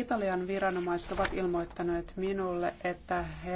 Italian viranomaiset ovat ilmoittaneet minulle, että he